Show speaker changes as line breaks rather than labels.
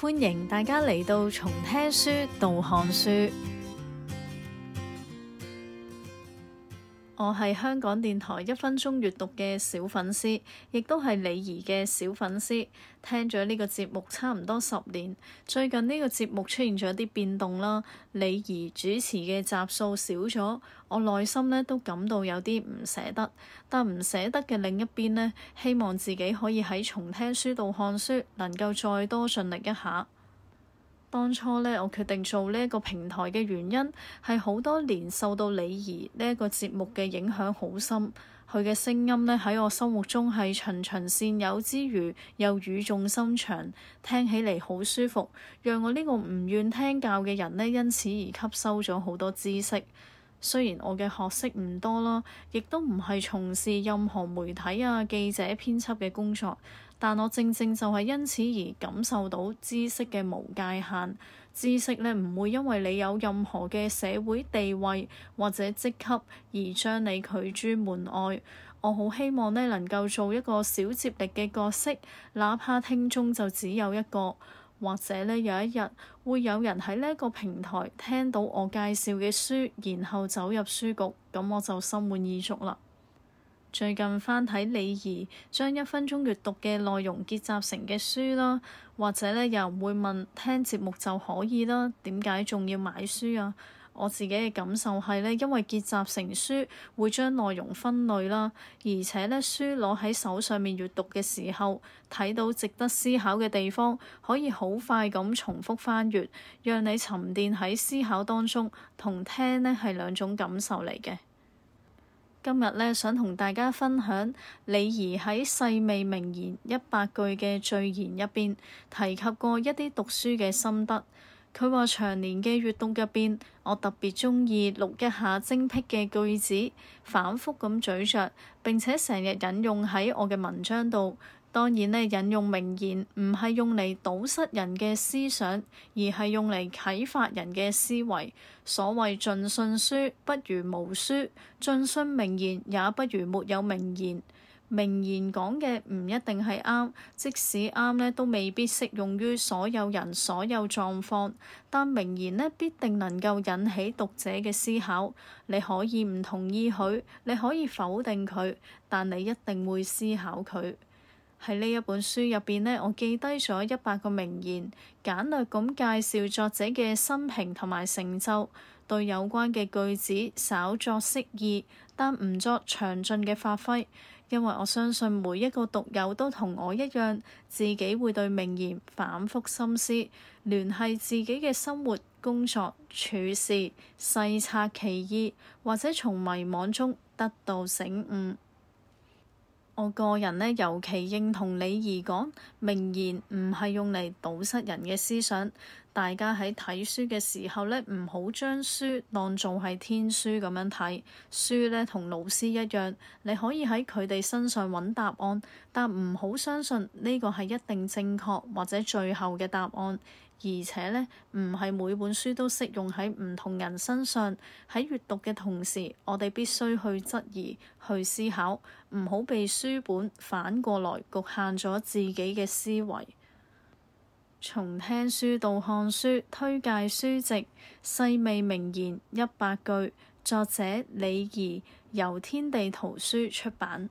歡迎大家嚟到從聽書到看書。我係香港電台一分鐘閲讀嘅小粉絲，亦都係李怡嘅小粉絲，聽咗呢個節目差唔多十年。最近呢個節目出現咗啲變動啦，李怡主持嘅集數少咗，我內心呢都感到有啲唔捨得。但唔捨得嘅另一邊呢，希望自己可以喺重聽書度看書，能夠再多盡力一下。當初呢，我決定做呢一個平台嘅原因係好多年受到李怡呢一個節目嘅影響好深，佢嘅聲音呢，喺我心目中係循循善誘之餘，又語重心長，聽起嚟好舒服，讓我呢個唔願聽教嘅人呢，因此而吸收咗好多知識。雖然我嘅學識唔多啦，亦都唔係從事任何媒體啊、記者編輯嘅工作，但我正正就係因此而感受到知識嘅無界限。知識呢，唔會因為你有任何嘅社會地位或者職級而將你拒諸門外。我好希望呢，能夠做一個小接力嘅角色，哪怕聽眾就只有一個。或者咧有一日會有人喺呢一個平台聽到我介紹嘅書，然後走入書局，咁我就心滿意足啦。最近翻睇李怡，將一分鐘閲讀嘅內容結集成嘅書啦。或者咧有人會問聽節目就可以啦，點解仲要買書啊？我自己嘅感受係呢，因為結集成書會將內容分類啦，而且呢書攞喺手上面閱讀嘅時候，睇到值得思考嘅地方，可以好快咁重複翻閱，讓你沉澱喺思考當中，同聽呢係兩種感受嚟嘅。今日呢，想同大家分享李怡喺《細味名言一百句》嘅序言入邊提及過一啲讀書嘅心得。佢話：長年嘅閲讀入邊，我特別鍾意錄一下精闢嘅句子，反覆咁咀嚼，並且成日引用喺我嘅文章度。當然咧，引用名言唔係用嚟堵塞人嘅思想，而係用嚟啟發人嘅思維。所謂盡信書不如無書，盡信名言也不如沒有名言。名言講嘅唔一定係啱，即使啱呢都未必適用於所有人所有狀況。但名言呢必定能夠引起讀者嘅思考。你可以唔同意佢，你可以否定佢，但你一定會思考佢。喺呢一本書入邊咧，我記低咗一百個名言，簡略咁介紹作者嘅生平同埋成就，對有關嘅句子稍作釋義，但唔作詳盡嘅發揮，因為我相信每一個讀友都同我一樣，自己會對名言反覆深思，聯繫自己嘅生活、工作、處事，細察其意，或者從迷惘中得到醒悟。我個人呢，尤其認同你而講，名言唔係用嚟堵塞人嘅思想。大家喺睇書嘅時候呢，唔好將書當做係天書咁樣睇。書呢同老師一樣，你可以喺佢哋身上揾答案，但唔好相信呢個係一定正確或者最後嘅答案。而且呢，唔係每本書都適用喺唔同人身上。喺閱讀嘅同時，我哋必須去質疑、去思考，唔好被書本反過來局限咗自己嘅思維。從聽書到看書，推介書籍《細味名言一百句》，作者李怡，由天地圖書出版。